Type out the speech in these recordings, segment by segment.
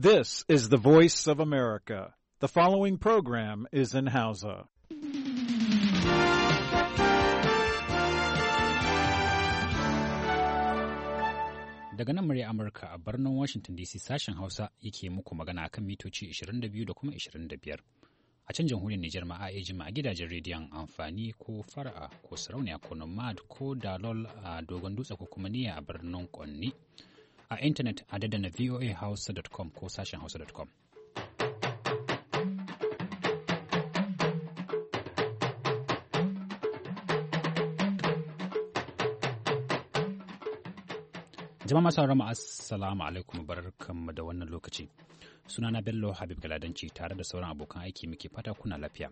This is the voice of America. The following program is in Hausa. Daga nan murya Amurka a birnin Washington DC sashen Hausa yake muku magana kan mitoci 22 da kuma 25. A can jamhuriyar Nijar ma a jima a gidajen rediyon amfani ko fara'a ko sarauniya ko nomad ko dalol a dogon dutse ko kuma niyya a birnin Konni. a intanet a dadana voahausa.com ko sashen hausa.com. Jama'a masu haramu assalamu alaikum barkanmu da wannan lokaci. Sunana Bello Habib Galadanci tare da sauran abokan aiki muke fata kuna lafiya.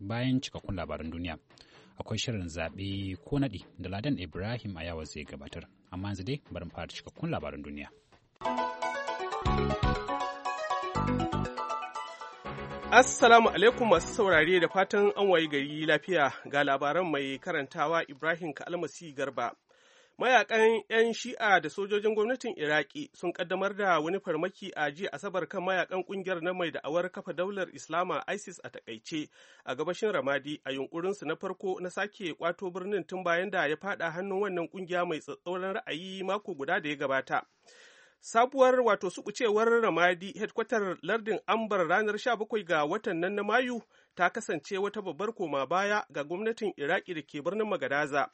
Bayan cikakkun labaran duniya, akwai shirin zaɓe ko naɗi da Ladan Ibrahim a yawa zai gabatar. Amma yanzu dai bari fara cikakkun labaran duniya. Assalamu alaikum masu saurare da fatan an wayi gari lafiya ga labaran mai karantawa Ibrahim Kalmasi Garba. mayakan 'yan shi'a da sojojin gwamnatin iraki sun kaddamar da wani farmaki a ji asabar kan mayakan kungiyar na mai da'awar kafa daular islama isis a takaice a gabashin ramadi a yunkurinsu na farko na sake kwato birnin tun bayan da ya fada hannun wannan kungiya mai tsatsauran ra'ayi mako guda da ya gabata sabuwar wato sukucewar ramadi hedkwatar lardin ambar ranar 17 ga watan nan na mayu ta kasance wata babbar koma baya ga gwamnatin iraki da ke birnin magadaza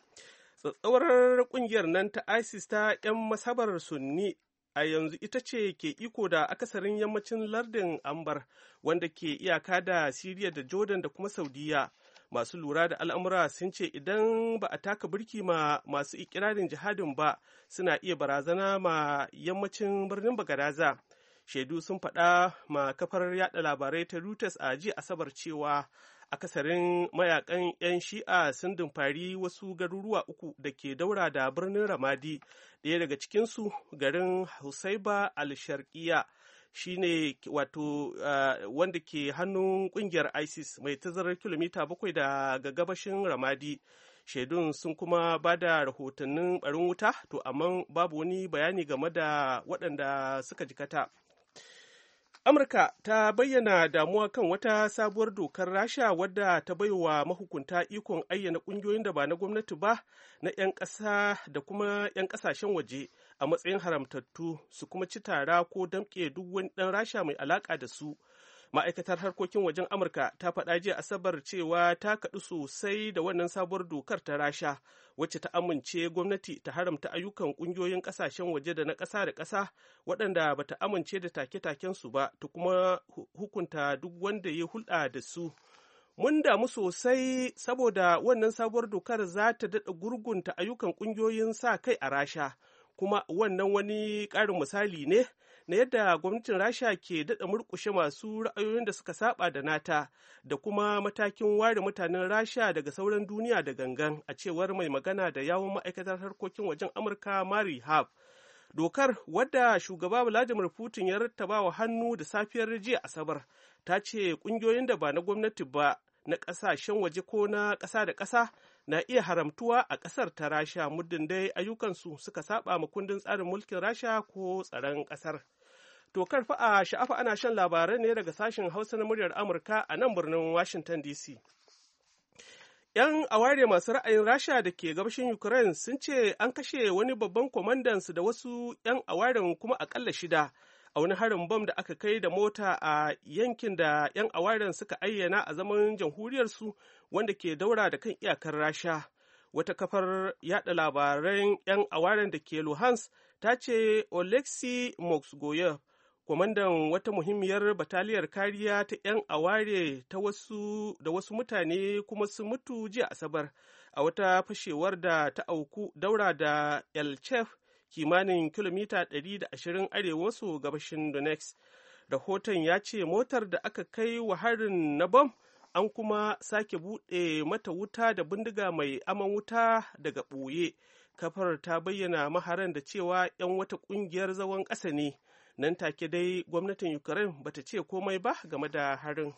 tsatsawar kungiyar nan ta isis ta 'yan masabar sunni a yanzu ita ce ke iko da akasarin yammacin lardin ambar wanda ke iyaka da siriya da jordan da kuma saudiya masu lura da al'amura sun ce idan ba a taka birki ma masu ikirarin jihadin ba suna iya barazana ma yammacin birnin bagadaza shaidu sun faɗa ma kafar yada labarai ta reuters a ji asabar cewa akasarin mayakan 'yan shi'a sun dumfari wasu garuruwa uku da ke daura da birnin ramadi ɗaya daga cikinsu garin husaiba al-sharqiya shine wato ah, wanda ke hannun kungiyar isis mai tazarar kilomita bakwai daga gabashin ramadi shaidun sun kuma ba da rahotannin barin wuta to amma babu wani bayani game da waɗanda suka jikata Amurka ta bayyana damuwa kan wata sabuwar dokar Rasha wadda ta baiwa mahukunta ikon ayyana ƙungiyoyin da ba na gwamnati ba na 'yan ƙasa da kuma 'yan ƙasashen waje a matsayin haramtattu su kuma ci tara ko damƙe duk wani ɗan Rasha mai alaƙa da su ma'aikatar harkokin wajen amurka ta faɗa jiya asabar cewa ta kaɗu sosai da wannan sabuwar dokar ta rasha wacce ta amince gwamnati ta haramta ayyukan ƙungiyoyin ƙasashen waje da na ƙasa da ƙasa waɗanda ba ta amince da take-taken su ba ta kuma hukunta duk wanda ya hulɗa da su mun damu sosai saboda wannan sabuwar dokar za ta daɗa gurgunta ayyukan ƙungiyoyin sa kai a rasha kuma wannan wani ƙarin misali ne na yadda gwamnatin rasha ke daɗa murkushe masu ra'ayoyin da suka saba da nata da kuma matakin ware mutanen rasha daga sauran duniya da gangan a cewar mai magana da yawon ma'aikatar harkokin wajen amurka mari hab dokar wadda shugaba vladimir putin ya rattaba wa hannu da safiyar jiya asabar ta ce ƙungiyoyin da ba na gwamnati ba na ƙasashen waje ko na ƙasa da ƙasa na iya haramtuwa a ƙasar ta rasha muddin dai ayyukansu suka saba ma kundin tsarin mulkin rasha ko tsaron ƙasar to karfa a sha'afa ana shan labarai ne daga sashen hausa na muryar amurka a nan birnin washington dc 'Yan aware masu ra'ayin Rasha da ke gabashin Ukraine sun ce an kashe wani babban kwamandansu da wasu 'yan awaren kuma akalla shida a wani harin bom da aka kai da mota a yankin da 'yan awaren suka ayyana a zaman jamhuriyarsu wanda ke daura da kan iyakar rasha wata kafar yada labaran 'yan awaren da ke Luhans ta ce oleksi moksgoyev kwamandan wata muhimmiyar bataliyar kariya ta 'yan aware ta wasu da wasu mutane kuma su mutu jiya asabar a wata fashewar da ta auku daura da elchef kimanin kilomita 120 arewa su gabashin Donetsk. Rahoton ya ce motar da aka kai wa harin na bom an kuma sake buɗe mata wuta da bindiga mai aman wuta daga ɓoye. Kafar ta bayyana maharan da cewa 'yan wata ƙungiyar zagon ƙasa ne. Nan take dai gwamnatin Ukraine bata ce komai ba game da harin.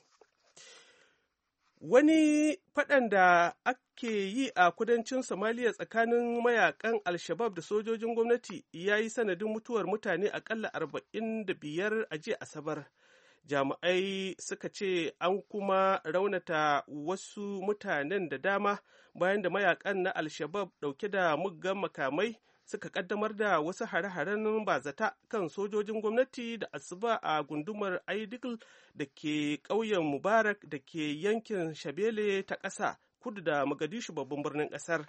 wani faɗan da ake yi a kudancin somaliya tsakanin mayakan alshabab da sojojin gwamnati ya yi sanadin mutuwar mutane akalla 45 a jiya asabar jami'ai suka ce an kuma raunata wasu mutanen da dama bayan da mayakan na alshabab ɗauke da muggan makamai suka kaddamar da wasu hare-haren bazata kan sojojin gwamnati da asuba a gundumar aidigl da ke ƙauyen mubarak da ke yankin shabele ta ƙasa kudu da magadishu babban birnin ƙasar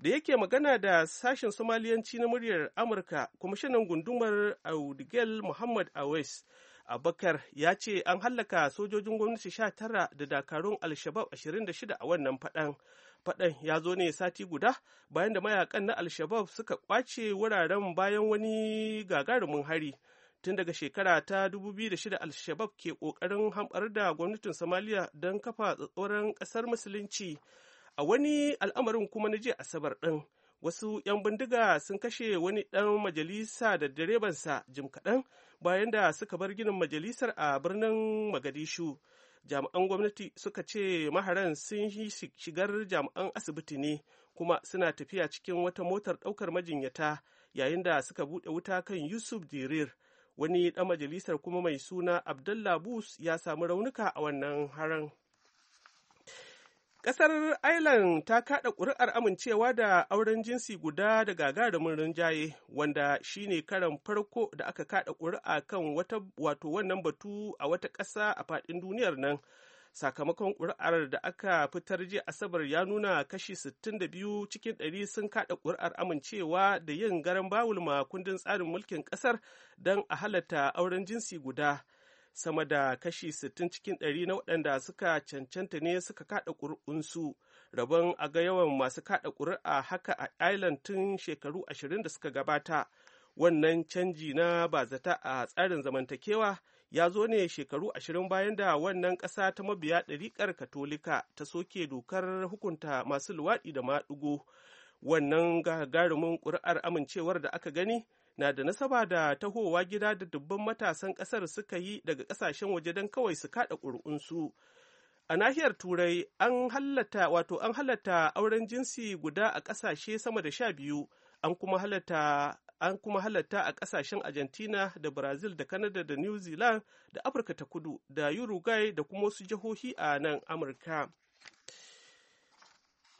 da yake magana da sashen somaliyanci na muryar amurka kwamishinan gundumar audigel muhammad awes abakar ya ce an hallaka sojojin gwamnati 19 da dakarun alshabab 26 a wannan faɗan faɗan ya zo ne sati guda bayan da mayakan na alshabab suka kwace wuraren bayan wani gagarumin hari tun daga shekara ta 2006 alshabab ke ƙoƙarin hamɓar da gwamnatin somaliya don kafa tsatsauran ƙasar musulunci a wani al'amarin kuma na jiya asabar ɗin wasu 'yan bindiga sun kashe wani ɗan majalisa da direbansa jim kaɗan bayan da suka bar ginin majalisar a birnin magadishu jami'an gwamnati suka ce maharan sun shigar jami'an asibiti ne kuma suna tafiya cikin wata motar ɗaukar majinyata yayin da suka buɗe wuta kan yusuf dirir wani ɗan majalisar kuma mai suna abdullah bus ya samu raunuka a wannan haran Ƙasar Ireland ta kaɗa ƙuri'ar amincewa da auren jinsi guda da gagarumin rinjaye wanda shine karan farko da aka kaɗa ƙuri'a kan wata wato wannan batu a wata ƙasa a faɗin duniyar nan. Sakamakon ƙuri'ar da aka fitar jiya Asabar ya nuna kashi 62 cikin 100 sun kaɗa ƙuri'ar amincewa da yin garan bawul ma kundin tsarin mulkin ƙasar don a halatta auren jinsi guda. sama da kashi 60 cikin ɗari na waɗanda suka cancanta ne suka kaɗa ƙuri'unsu rabon a ga yawan masu kaɗa ƙuri'a haka a Ireland tun shekaru 20 da suka gabata. Wannan canji na bazata a tsarin zamantakewa ya zo ne shekaru 20 bayan da wannan ƙasa ta mabiya ɗariƙar Katolika ta soke dokar hukunta masu luwaɗi da maɗigo. Wannan gagarumin ƙuri'ar amincewar da aka gani na da nasaba da tahowa gida da dubban matasan ƙasar suka yi daga ƙasashen waje don kawai su kaɗa ƙuri'unsu. A nahiyar Turai an halatta wato an halatta auren jinsi guda a ƙasashe sama da sha biyu, an kuma halatta an kuma halatta a ƙasashen Argentina da Brazil da Canada da New Zealand da Afirka ta Kudu da Uruguay da kuma wasu jihohi a nan Amurka.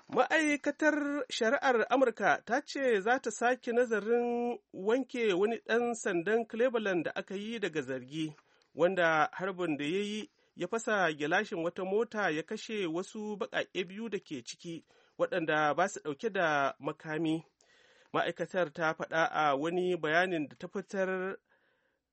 ma'aikatar shari'ar amurka ta ce za ta sake nazarin wanke wani ɗan sandan cleveland da aka yi daga zargi wanda harbin da ya yi ya fasa gilashin wata mota ya kashe wasu baƙaƙe biyu da ke ciki waɗanda ba su ɗauke da makami ma'aikatar ta faɗa a wani bayanin da ta fitar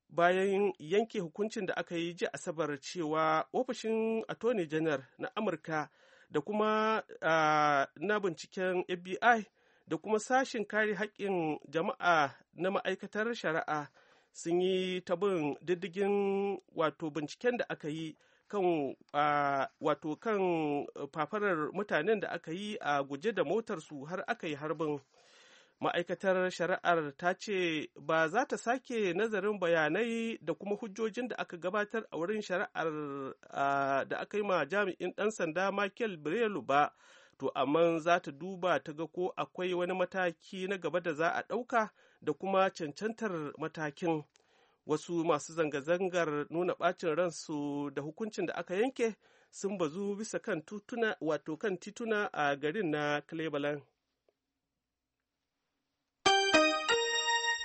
bayan yanke hukuncin da aka yi ji asabar cewa ofishin attorney general na amurka da kuma na binciken FBI da kuma sashin kare haƙƙin jama'a na ma'aikatar shari'a sun yi ta bin diddigin wato binciken da aka yi kan wato kan fafarar mutanen da aka yi a guje da motarsu har aka yi harbin ma'aikatar shari'ar ta ce ba za ta sake nazarin bayanai da kuma hujjojin da aka gabatar a wurin shari'ar da aka yi ma jami'in ɗan sanda michael brelu ba to amma za ta duba ta ga ko akwai wani mataki na gaba da za a ɗauka da kuma cancantar matakin wasu masu zanga-zangar nuna ɓacin ransu da hukuncin da aka yanke sun bazu bisa kan tituna wato kan tituna a garin na cleveland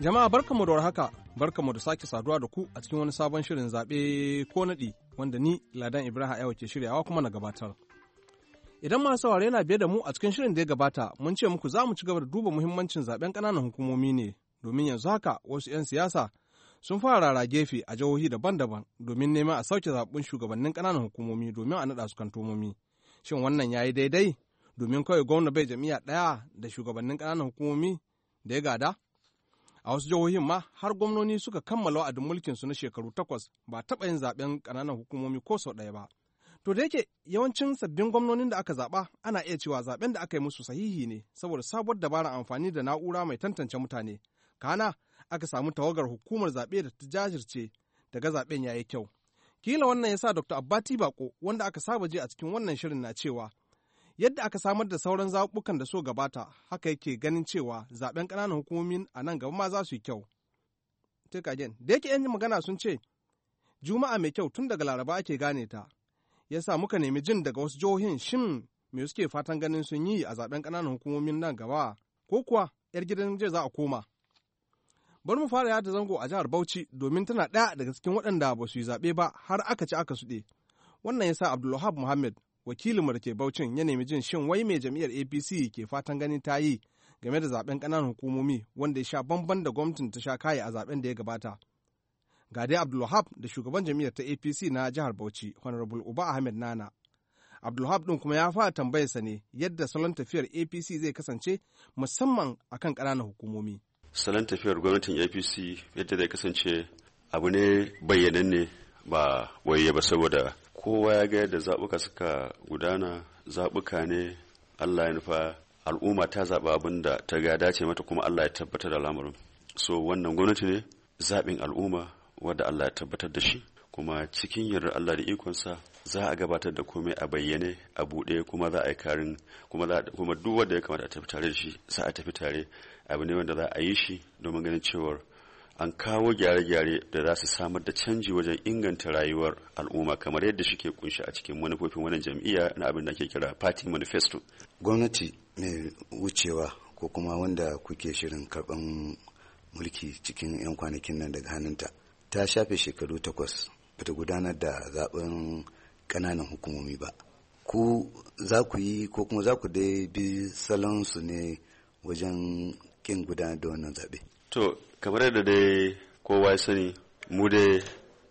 Jama'a barkamu da warhaka, barkamu da sake saduwa da ku a cikin wani sabon shirin zaɓe ko naɗi wanda ni Ladan Ibrahim Ayawa ke shiryawa kuma na gabatar. Idan masu saurare yana biye da mu a cikin shirin da ya gabata, mun ce muku za mu ci gaba da duba muhimmancin zaɓen ƙananan hukumomi ne, domin yanzu haka wasu 'yan siyasa sun fara rara gefe a jihohi daban-daban domin neman a sauke zaɓen shugabannin ƙananan hukumomi domin a naɗa su kantomomi. Shin wannan ya yi daidai? Domin kawai gwamna bai jami'a ɗaya da shugabannin ƙananan hukumomi da ya gada? A wasu jihohin ma har gwamnoni suka kammala wa'adin mulkinsu na shekaru takwas ba taɓa yin zaɓen ƙananan hukumomi ko sau ɗaya ba. To da yake yawancin sabbin gwamnonin da aka zaɓa ana iya cewa zaɓen da aka yi musu sahihi ne saboda sabuwar dabarar amfani da na'ura mai tantance mutane. Kana aka samu tawagar hukumar zaɓe da ta jajirce daga zaɓen ya yi kyau. Kila wannan ya sa Dr. Abbati Bako wanda aka saba je a cikin wannan shirin na cewa Yadda aka samar da sauran zaɓukan da so gabata, haka yake ganin cewa zaɓen ƙananan hukumomin a nan gaba ma za su yi kyau. Take da yake 'yan magana sun ce, Juma'a mai kyau tun daga Laraba ake gane ta, ya sa muka nemi jin daga wasu jihohin shin me suke fatan ganin sun yi a zaɓen ƙananan hukumomin nan gaba, ko kuwa 'yar gidan jiya za a koma. bari mu fara yada zango a jihar Bauchi domin tana ɗaya daga cikin waɗanda ba su yi zaɓe ba har aka ci aka suɗe. Wannan ya sa Abdulwahab Muhammad wakilin da ke Baucin ya nemi jin shin wai mai jam'iyyar APC ke fatan ganin ta yi game da zaben kananan hukumomi wanda ya sha bamban da gwamnatin ta sha kaye a zaben da ya gabata. Ga dai Abdulwahab da shugaban jam'iyyar ta APC na jihar Bauchi, Honorable Uba Ahmed Nana. Abdulwahab ɗin kuma ya fara tambayar sa ne yadda salon tafiyar APC zai kasance musamman akan kananan hukumomi. Salon tafiyar gwamnatin APC yadda zai kasance abu ne bayyananne ba waye ba saboda kowa ya ga yadda zaɓuka suka gudana zaɓuka ne allah ya nufa al'umma ta zaɓa abin da ta ga dace mata kuma allah ya tabbatar da lamarin so wannan gwamnati ne zaɓin al'umma wadda allah ya tabbatar da shi kuma cikin yardar allah da ikonsa za a gabatar da komai a bayyane a buɗe kuma za a yi karin kuma duk wanda ya kamata a tafi tare da shi za a tafi tare abu ne wanda za a yi shi domin ganin cewar an kawo gyare-gyare da za su samar da canji wajen inganta rayuwar al'umma kamar yadda shike kunshi a cikin manufofin wannan jam'iyya na abin da ake kira party manifesto gwamnati mai wucewa ko kuma wanda kuke shirin karban mulki cikin 'yan kwanakin nan daga hannunta ta shafe shekaru takwas bata gudanar da zaben ƙananan hukumomi ba ku za ku yi ko kuma za ku dai bi salonsu ne wajen kin gudanar da wannan zaɓe to kamar yadda dai kowa ya sani mu dai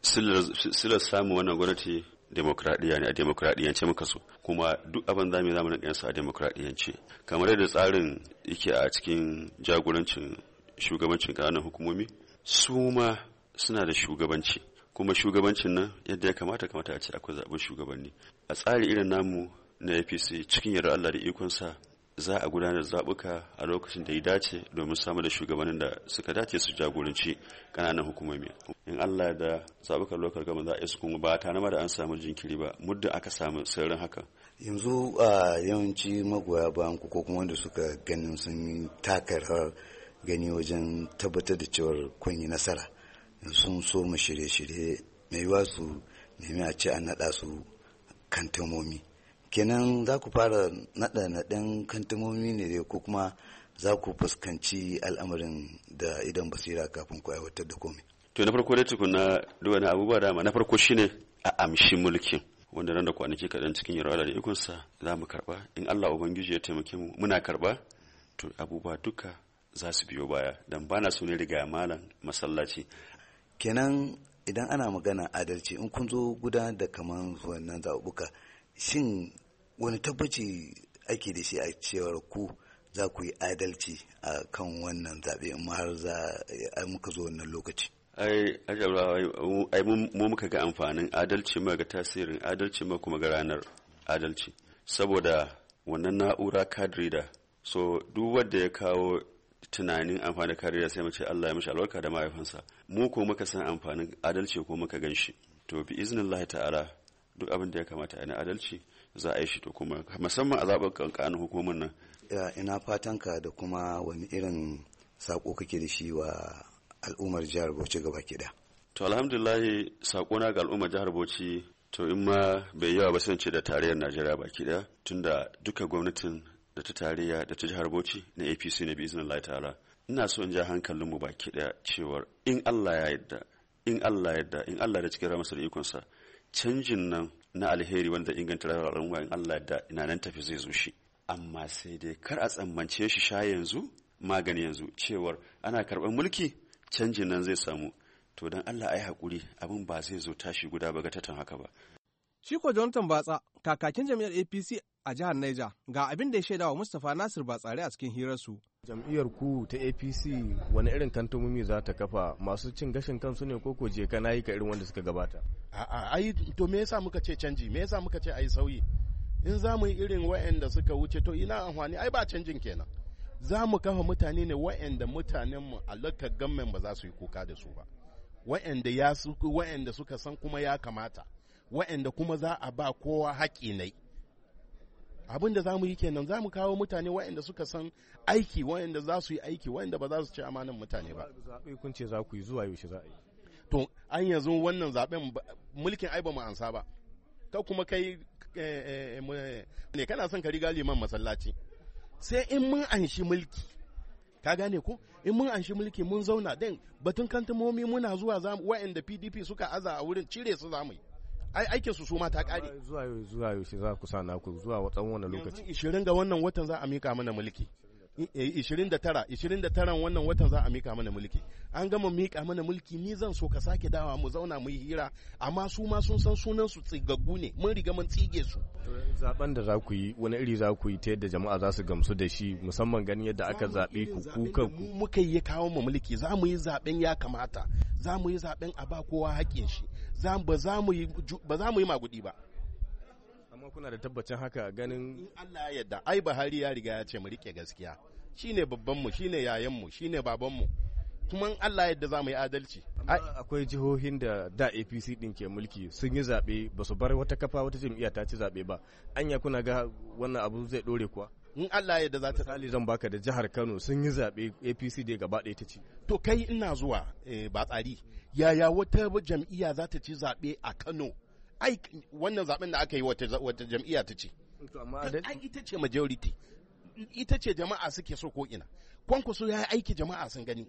silar samun wannan gwamnati demokradiyya ne a demokradiyyance muka so kuma duk abin zamu zamu sa a demokradiyyance kamar yadda tsarin yake a cikin jagorancin shugabancin ƙananan hukumomi su ma suna da shugabanci kuma shugabancin nan yadda ya kamata kamata a ce akwai zaɓen shugabanni a tsari irin namu na apc cikin yarda allah da ikonsa za a gudanar da zaɓuka a lokacin da ya dace domin samu da shugabannin da suka dace su jagoranci ƙananan hukumomi in allah da zaɓukan lokal gama za a isa kuma ba ta nama da an samu jinkiri ba muddin aka samu sirrin haka yanzu a yawanci magoya bayan ko kuma wanda suka ganin sun taka rawar gani wajen tabbatar da cewar kun yi nasara sun so mu shirye-shirye mai wasu su nemi a ce an naɗa su kan tamomi kenan za ku fara naɗa naɗen kantumomi ne ko kuma za ku fuskanci al'amarin da idan basira kafin ku aiwatar da komai to na farko dai tukuna duwa na abubuwa dama na farko shine a amshi mulkin wanda nan da kwanaki kaɗan cikin yarwa da ikonsa za mu karɓa in allah ubangiji ya taimake mu muna karɓa to abubuwa duka za su biyo baya dan ba na ne riga malam masallaci kenan idan ana magana adalci in kun zo gudanar da kaman wannan zaɓuɓɓuka shin wani tabbaci ake da shi a cewar ku za ku yi adalci a kan wannan zaɓe in har za a muka zo wannan lokaci ai ai mu muka ga amfanin adalci ma ga tasirin adalci ma kuma ga ranar adalci saboda wannan na'ura kadrida so duk wanda ya kawo tunanin amfani kadrida sai mace Allah ya mishi albarka da mahaifinsa mu ko muka san amfanin adalci ko muka gan shi to bi iznillahi ta'ala duk abin da ya kamata a adalci za a yi shi to kuma musamman a zaɓar kankanin hukumar nan ina fatanka da kuma wani irin saƙo kake da shi wa al'ummar jihar bauchi gaba da. to alhamdulillahi sakona ga al'ummar jihar bauchi to in ma bai yawa ba sun ce da tarayyar najeriya baki ɗaya tunda duka gwamnatin da ta tarayya da ta jihar bauchi na apc na bizinin lai ta'ala ina so in ja hankalinmu baki ɗaya cewar in allah ya yadda in allah ya yadda in allah da cikin ramasar ikonsa canjin nan na alheri wanda inganta rayuwar al'umma Allah da ina nan tafi zai zo shi amma sai dai kar a tsammance shi sha yanzu magani yanzu cewar ana karɓar mulki canjin nan zai samu to dan Allah ai hakuri abin ba zai zo tashi guda ba tan haka ba shi ko Jonathan Batsa kakakin jami'ar APC a jihar Niger ga abin da ya shaidawa Mustapha Nasir Batsari a cikin hirarsu. Jam'iyyar ku ta APC wani irin kantomomi za ta kafa masu cin gashin kansu ne ko je ka yi ka irin wanda suka gabata. A'a ai to me yasa muka ce canji me yasa muka ce ai sauyi in za mu yi irin wa'anda suka wuce to ina amfani ai ba canjin kenan. Za mu kafa mutane ne wa'anda mutanen mu lokacin gammen ba za su yi kuka da su ba. Wa'anda ya su wa'anda suka san kuma ya kamata. Wa'anda kuma za a ba kowa haƙi ne. abin da za mu yi kenan za mu kawo mutane waɗanda suka san aiki waɗanda za su yi aiki waɗanda ba za su ci amanan mutane ba zaɓe kun ce za ku yi zuwa yaushe za a yi to an yanzu wannan zaɓen mulkin ai ba mu ansa ba ka kuma kai eh, eh, ne kana son ka riga liman masallaci sai in mun anshi mulki ka gane ko in mun anshi mulki mun zauna din batun kantumomi muna zuwa waɗanda pdp suka aza a wurin cire su zamu yi aikin su su ta kare zuwa yau zuwa yau shi za ku sa naku zuwa tsawon wani lokaci 20 ga wannan watan za a mika mana mulki 29 eh, 29 wannan watan za a mika mana mulki an gama mika mana mulki ni zan so ka sake dawa mu zauna mu yi hira amma su ma sun san sunan su tsigaggu ne mun riga mun tsige su zaben da za ku yi wani iri za ku yi ta yadda jama'a za su gamsu da shi musamman ganin yadda aka zabe ku ku muka yi kawo mu mulki za mu yi zaben ya kamata za mu yi zaben a ba kowa hakkin shi ba za mu yi maguɗi ba amma kuna da tabbacin haka ganin in Allah ya yarda ai Buhari ya riga ya ce mu rike gaskiya shine babban mu shine yayan mu shine baban mu kuma in Allah ya yarda za mu yi adalci akwai jihohin da da APC din ke mulki sun yi zabe ba su bar wata kafa wata jam'iyya ta ci zabe ba anya kuna ga wannan abu zai dore kuwa in Allah ya yarda za ta tsali zan baka da jihar Kano sun yi zaɓe APC da gaba ɗaya ta ci. To kai ina zuwa eh, ba tsari yaya wata jam'iyya za ta ci zaɓe a Kano ai wannan zaben da aka yi wata jam'iyya ta ce ai ita ce majority ita ce jama'a suke so ko ina so ya aiki jama'a sun gani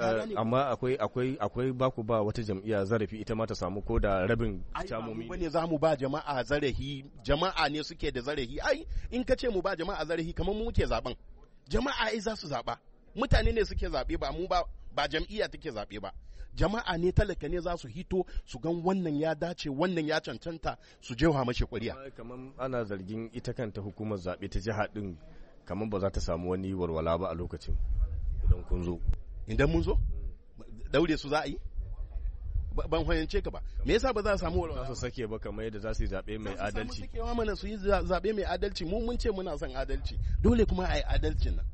eh, amma akwai akwai akwai baku ba wata jam'iyya zarafi ita ma ta samu ko da rabin camomi ba ne zamu ba jama'a zarafi jama'a ne suke da zarafi ai in ka ce mu ba jama'a zarafi kamar mu muke zaben jama'a ai za su zaba mutane ne suke zabe ba mu ba ba jam'iyya take zabe ba jama'a ne talaka ne za su hito su gan wannan ya dace wannan ya cancanta su jewa mashi kuriya. kamar ana zargin ita kanta hukumar zaɓe ta jiha ɗin kamar ba za ta samu wani warwala ba a lokacin idan kun zo idan mun zo daure su za a yi ban hoyance ka ba me yasa ba za a samu walwala su sake ba kamar yadda za su yi zaɓe mai adalci su sake mana su yi zaɓe mai adalci mu mun ce muna son adalci dole kuma a yi adalcin nan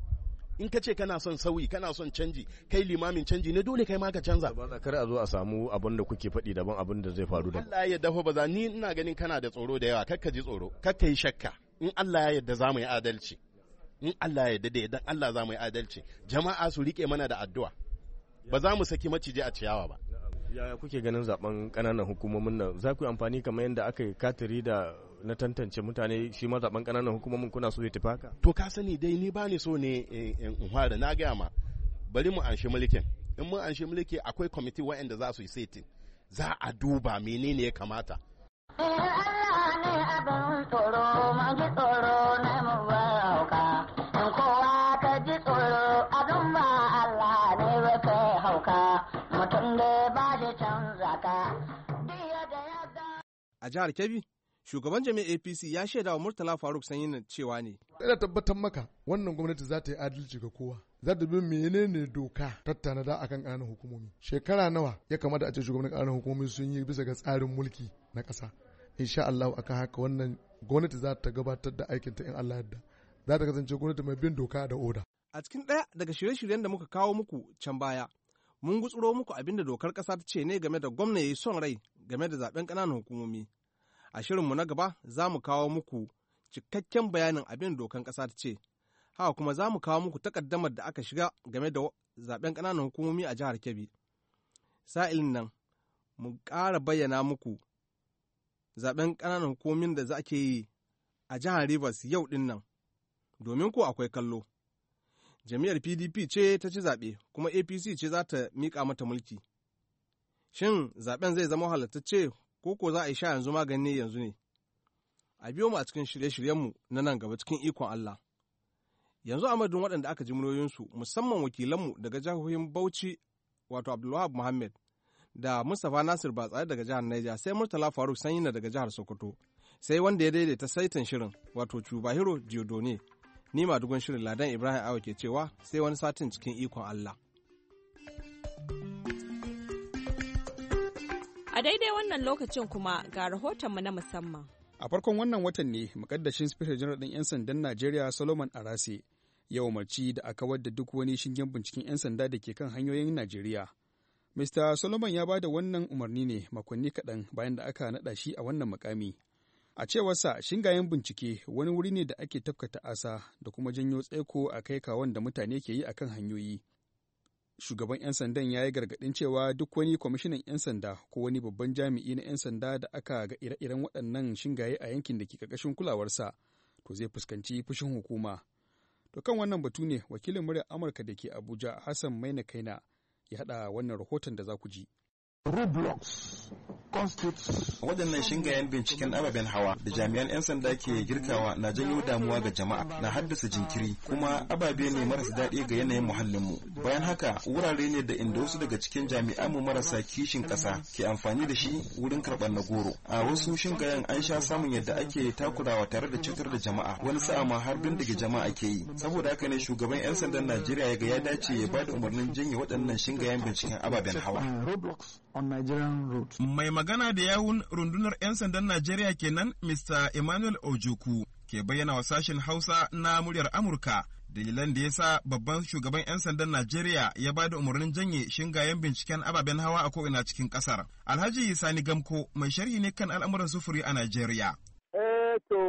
in ka ce kana son sauyi kana son canji kai limamin canji ne dole kai ma ka canza ba kar a zo a samu abin da kuke faɗi daban abin da zai faru da Allah ya dafa ba za ni ina ganin kana da tsoro da yawa kakka ji tsoro kakka yi shakka in Allah ya yarda za mu yi adalci in Allah ya yarda da yadda Allah za mu yi adalci jama'a su rike mana da addu'a ba za mu saki maciji a ciyawa ba yaya kuke ganin zaben kananan hukumomin nan za ku yi amfani kamar yadda aka yi katiri da na tantance mutane shi ma zaben ƙananan hukumomin kuna so ya to ka sani dai ni bani so ne in fara na gaya ma bari mu anshi mulkin in mun anshi mulki akwai kwamiti wanda za su yi setin za a duba menene ya kamata A jihar Kebbi, Shugaban jami'ar APC ya shaida wa Murtala Faruk Sanyina cewa ne. Ina tabbatar maka wannan gwamnati za ta yi adalci ga kowa. Za ta bi menene doka tattana da akan ƙananan hukumomi. Shekara nawa ya kamata a ce shugabannin ƙananan hukumomi sun yi bisa ga tsarin mulki na ƙasa. Insha Allah kan haka wannan gwamnati za ta gabatar da aikinta in Allah yadda. Za ta kasance gwamnati mai bin doka da oda. A cikin ɗaya daga shirye-shiryen da muka kawo muku can baya, mun gutsuro muku abinda dokar ƙasa ta ce ne game da gwamna ya yi son rai game da zaben ƙananan hukumomi. A shirinmu na gaba za mu kawo muku cikakken bayanin abin dokan ƙasa ta ce, haka kuma za mu kawo muku takaddamar da aka shiga game da zaben ƙananan hukumomi a jihar Kebbi. Sa'ilin nan, mu ƙara bayyana muku zaben ƙananan hukumomin da za ke yi a jihar Rivers yau ɗin nan, domin ko akwai kallo. Jami'ar PDP ce ta ci zaɓe, kuma APC ce za ta miƙa mata mulki. Shin zaɓen zai zama halattacce ko ko za a yi sha yanzu magani yanzu ne. A biyo mu a cikin shirye-shiryenmu na nan gaba cikin ikon Allah. Yanzu a madun waɗanda aka ji muryoyinsu musamman wakilanmu daga jihohin Bauchi wato Abdulwahab Muhammad da Mustapha Nasir Batsari daga jihar Niger sai Murtala Faruk Sanyina daga jihar Sokoto sai wanda ya daidaita saitin shirin wato Cubahiro Diodone. Ni ma madugun shirin Ladan Ibrahim Awa ke cewa sai wani satin cikin ikon Allah. A daidai wannan lokacin kuma ga rahotonmu na musamman. A farkon wannan watan ne makaddashin Spirit General ɗin 'yan sandan Najeriya Solomon Arase ya umarci da a kawar da duk wani shingen binciken 'yan sanda da ke kan hanyoyin Najeriya. Mr. Solomon ya ba da wannan umarni ne makonni kaɗan bayan da aka naɗa shi a wannan mukami. A cewarsa shingayen bincike wani wuri ne da ake tafka ta'asa, da kuma janyo tsaiko a kai kawon da mutane ke yi a kan hanyoyi. shugaban 'yan sandan ya yi gargaɗin cewa duk wani kwamishinan 'yan sanda ko wani babban jami'i na 'yan sanda da aka ga ire-iren waɗannan shingaye a yankin da ke ƙarƙashin kulawarsa to zai fuskanci fushin hukuma to kan wannan batu ne wakilin muryar amurka da ke abuja hassan maina kaina ya haɗa wannan rahoton da za ku ji constitutes waɗannan shingayen binciken ababen hawa da jami'an 'yan sanda ke girkawa na janyo damuwa ga jama'a na haddasa jinkiri kuma ababe ne marasa daɗi ga yanayin muhallinmu bayan haka wurare ne da inda wasu daga cikin jami'an mu marasa kishin ƙasa ke amfani da shi wurin karɓar na goro a wasu shingayen an sha samun yadda ake takurawa tare da cutar da jama'a wani sa'a ma har bindiga jama'a ke yi saboda haka ne shugaban 'yan sandan najeriya ya ga ya dace ya ba da umarnin janye waɗannan shingayen binciken ababen hawa mai magana da yawun rundunar 'yan sandan Najeriya kenan Mr. Emmanuel Ojoku ke bayyana wa sashen Hausa na muryar Amurka dalilan da ya sa babban shugaban 'yan sandan Najeriya ya ba da umarnin janye shingayen binciken ababen hawa a ko'ina cikin kasar. Alhaji Sani Gamko mai sharhi ne kan al'amuran sufuri a Najeriya. Eh to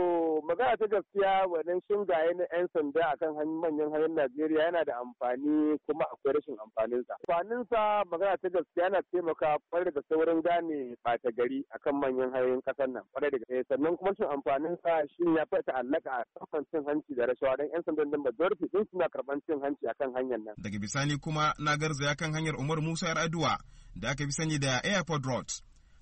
magana ta gaskiya wannan shingaye na 'yan sanda akan manyan hanyar Najeriya yana da amfani kuma akwai rashin amfaninsa. Amfaninsa magana ta gaskiya yana taimaka kwarai da saurin gane bata gari akan manyan hanyoyin ƙasar nan kwarai da gaske. Eh, sannan kuma amfanin sa shi ya fi ta'allaka a kan cin hanci da rashawa don 'yan sandan da majority din suna karɓan cin hanci akan hanyar nan. Daga bisani kuma na garzaya kan hanyar Umar Musa Yar'adua da aka fi sani da Airport Road.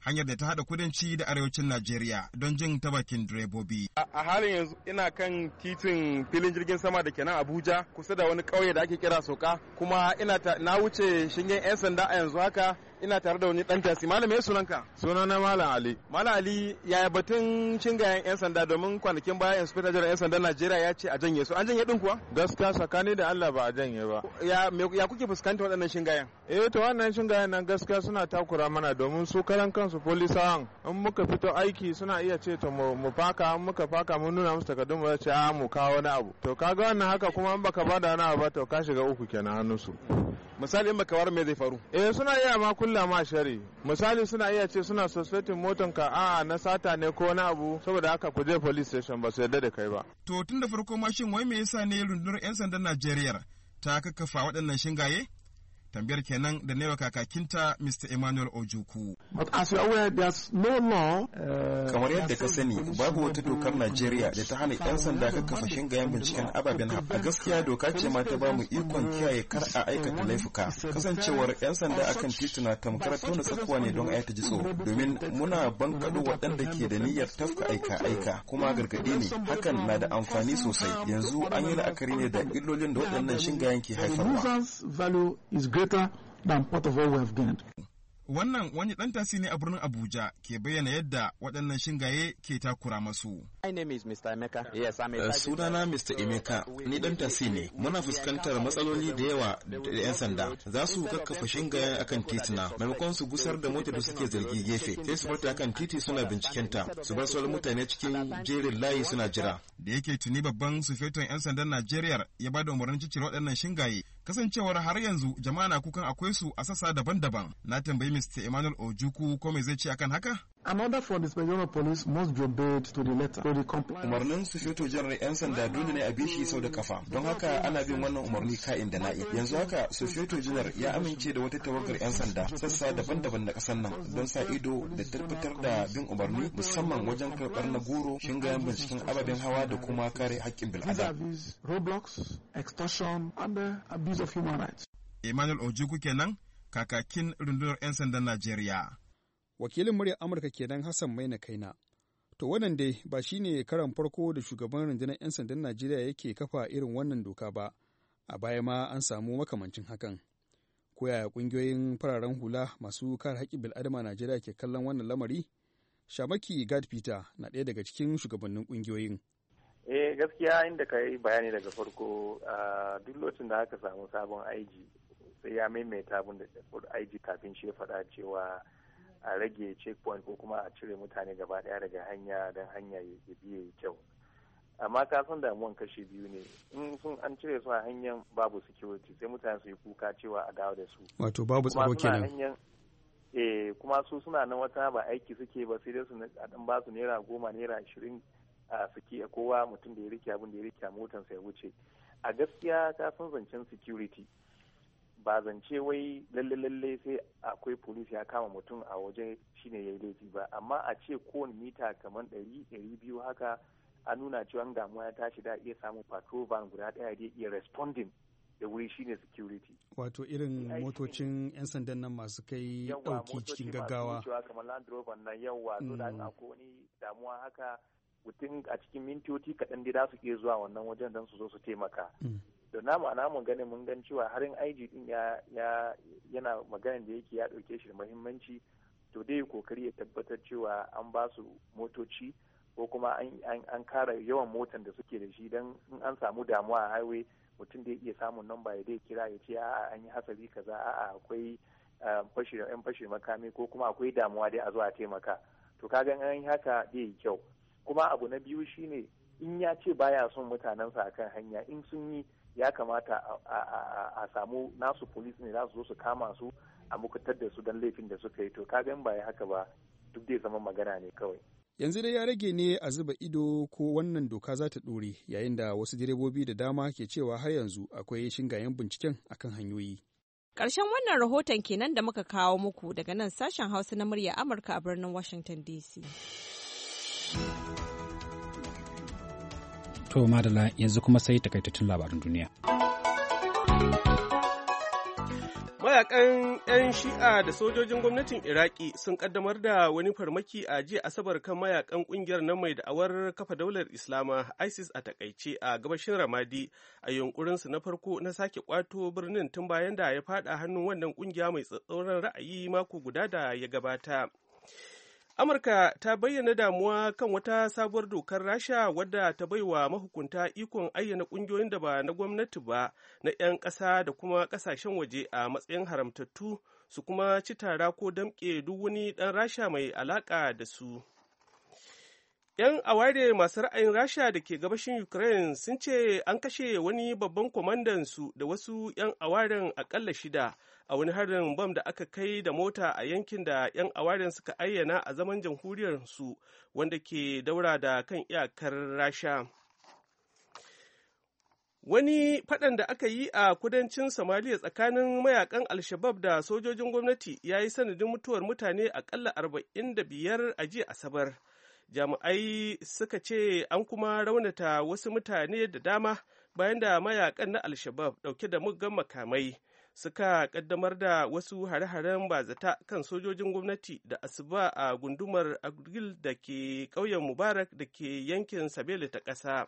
hanyar da ta haɗa kudanci da arewacin Najeriya don jin ta bakin direbobi. A halin yanzu ina kan titin filin jirgin sama da ke nan Abuja kusa da wani ƙauye da ake kira Soka kuma ina na wuce shingen 'yan sanda a yanzu haka ina tare da wani dan tasi malam ya sunanka na malam ali malam ali yaya batun cingayen yan sanda domin kwanakin baya inspector general yan sanda Najeriya ya ce a janye su an janye din kuwa gaskiya sakani da Allah ba a janye ba ya ya kuke fuskanta waɗannan yan? eh to wannan shingayen nan gaskiya suna takura mana domin su karan kansu polisawan in muka fito aiki suna iya ce to mu faka in muka faka mun nuna musu takardun mu ce a ah, mu kawo wani abu to kaga wannan haka kuma in baka bada wani abu ba to ka shiga uku kenan hannun su misali in baka war me zai faru eh suna iya ma kullum illa ma shari misali suna iya ce suna suspecting motan ka a na sata ne ko na abu saboda haka ku je police station ba su yarda da kai ba to tun da farko mashin shin wai me yasa ne rundunar yan sandan Najeriya ta kakkafa waɗannan shingaye tambayar kenan da newa kakakinta Mr. Emmanuel Ojuku. Uh, Kamar yadda ka sani babu wata dokar Najeriya da ta hana 'yan sanda ka kakkafa shingayen binciken ababen a gaskiya doka ce ma ta bamu ikon kiyaye kar a aikata laifuka. Kasancewar 'yan sanda akan tituna tamkar tona tsakuwa ne don aita jitso domin muna bankaɗo waɗanda ke da niyyar tafka aika-aika kuma gargaɗi ne hakan na da amfani sosai yanzu an yi la'akari ne da illolin da waɗannan shingayen ke haifarwa. greater than of we have gained. Wannan wani ɗan tasi ne a birnin Abuja ke bayyana yadda waɗannan shingaye ke takura masu. Eh, sunana Mr. Emeka, ni ɗan tasi ne. Muna fuskantar matsaloli da yawa da 'yan sanda. Za su kakkafa shingaye akan titina, maimakon su gusar da motar da suke zargi gefe. Sai su barta akan titi suna bincikenta, su bar sauran mutane cikin jerin layi suna jira. Da yake tuni babban sufeton 'yan sandan Najeriya ya ba da umarnin cicire waɗannan shingaye kasancewar har yanzu jama'a na kukan akwai su a sassa daban-daban na tambayi mr emmanuel ojuku ko mai zai ce akan haka Another for the Special Police must be obeyed to the letter. For the compliance. Umarnin su fito jirar 'yan sanda dole ne a bi sau da kafa. Don haka ana bin wannan umarni ka'in da nai Yanzu haka su fito janar ya amince da wata tawagar 'yan sanda sassa daban-daban na ƙasar nan don sa ido da tabbatar da bin umarni musamman wajen karɓar na goro shingayen binciken ababen hawa da kuma kare haƙƙin bil'adam. Roblox, extortion, and abuse of human rights. Emmanuel Ojukwu kenan kakakin rundunar 'yan sandan Najeriya. wakilin muryar amurka kenan hassan maina kaina to wannan dai ba shine karan farko da shugaban rundunar 'yan sandan najeriya yake kafa irin wannan doka ba a baya ma an samu makamancin hakan ko yaya kungiyoyin fararen hula masu kare haƙƙin bil'adama najeriya ke kallon wannan lamari shamaki gad peter na ɗaya daga cikin shugabannin kungiyoyin eh gaskiya inda ka yi bayani daga farko duk lokacin da aka samu sabon aiji sai ya maimaita abin da aiji kafin shi ya faɗa cewa a rage checkpoint ko kuma a cire mutane gaba daya daga hanya don hanya ya biye kyau amma ka san damuwan kashi biyu ne in sun an cire su a hanyar babu security sai mutane su yi kuka cewa a dawo da su wato babu tsaro kenan eh kuma su suna nan wata ba aiki suke ba sai dai su a dan ba su naira goma naira ashirin a suke kowa mutum da ya rike abin da ya rike motar sa ya wuce a gaskiya ka san zancen security ba zance wai lalle lalle sai akwai polisi ya kama mutum a waje shine ya yi laifi ba amma a ce kowane mita kamar ɗari ɗari biyu haka an nuna cewa damuwa ya tashi da iya samun patrol van guda ɗaya da iya responding da wuri shine security wato irin motocin yan sandan nan masu kai ɗauki cikin gaggawa yawa kamar land rover nan yawa so da mm. akwai wani damuwa haka mutum a cikin mintoci kaɗan dai za su iya zuwa wannan wajen don su zo su taimaka mm. da namu a namun ganin mun gan cewa harin IG din ya yana magana da yake ya dauke shi da muhimmanci to dai kokari ya tabbatar cewa an ba su motoci ko kuma an kara yawan motan da suke da shi don in an samu damuwa a highway mutum da ya iya samun namba ya dai kira ya ce a'a an yi hasari kaza a akwai yan eh, fashi makami ko kuma akwai damuwa dai a zuwa taimaka to kaga an yi haka dai kyau kuma abu na biyu shine in ya ce baya son mutanensa akan hanya in sun yi ya kamata a samu nasu polis ne za su zo su kama su a mukutar da su don laifin da suka yi to kagan ba ya haka ba duk dai zama magana ne kawai yanzu dai ya rage ne a zuba ido ko wannan doka za ta ɗore yayin da wasu direbobi da dama ke cewa har yanzu akwai shingayen binciken akan hanyoyi Ƙarshen wannan rahoton kenan da muka kawo muku daga nan sashen Hausa na murya Amurka a birnin Washington DC. To madala yanzu kuma sai takaitattun labarin duniya. Mayakan 'yan shi'a da sojojin gwamnatin Iraki sun kaddamar da wani farmaki a jiya Asabar kan mayakan kungiyar nan mai da'awar kafa daular Islama ISIS a takaice a gabashin Ramadi a yunkurinsu na farko na sake kwato birnin tun bayan da ya fada hannun wannan kungiya mai tsatsauran ra'ayi mako guda da ya gabata. amurka ta bayyana damuwa kan wata sabuwar dokar rasha wadda ta baiwa mahukunta ikon ayyana ƙungiyoyin da ba na gwamnati ba na 'yan ƙasa da kuma ƙasashen waje a matsayin haramtattu su kuma ci tara ko damƙe duk wani ɗan rasha mai alaƙa da su 'yan aware masu ra'ayin rasha da ke gabashin ukraine sun ce an kashe wani babban kwamandansu da wasu 'yan awaren aƙalla shida a wani harin bam da aka kai da mota a yankin da 'yan awarin suka ayyana a zaman jamhuriyar su wanda ke daura da kan iyakar rasha wani faɗan da aka yi a kudancin somaliya tsakanin mayakan alshabab da sojojin gwamnati ya yi sanadin mutuwar mutane akalla 45 a jiya asabar jami'ai suka ce an kuma raunata wasu mutane da dama bayan da mayakan na alshabab ɗauke da muggan makamai suka kaddamar da wasu hare-haren bazata kan sojojin gwamnati da asuba a gundumar agril da ke ƙauyen mubarak da ke yankin sabele ta ƙasa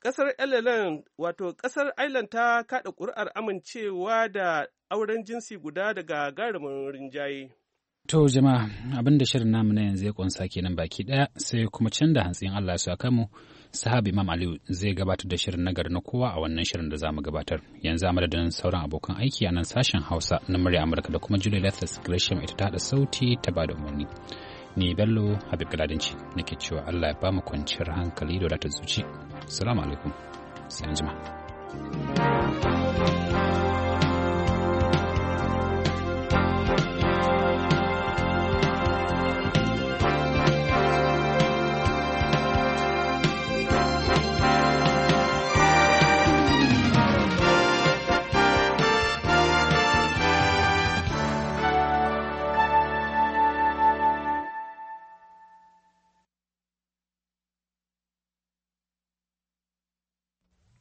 ƙasar ireland wato ƙasar island ta kaɗa ƙuri'ar amincewa da auren jinsi guda daga garimin rinjaye To jama'a abinda shirin namu na yanzu ya ƙunsa kenan baki ɗaya sai kuma can da hantsin Allah su aka mu sahab imam aliyu zai gabatar da shirin nagari na kowa a wannan shirin da zamu gabatar yanzu a madadin sauran abokan aiki a nan sashen hausa na murya amurka da kuma julia lathas gresham ita ta haɗa sauti ta bada da umarni ni bello habib galadinci nake cewa allah ya ba mu kwanciyar hankali da wadatar zuci salamu alaikum sai anjima thank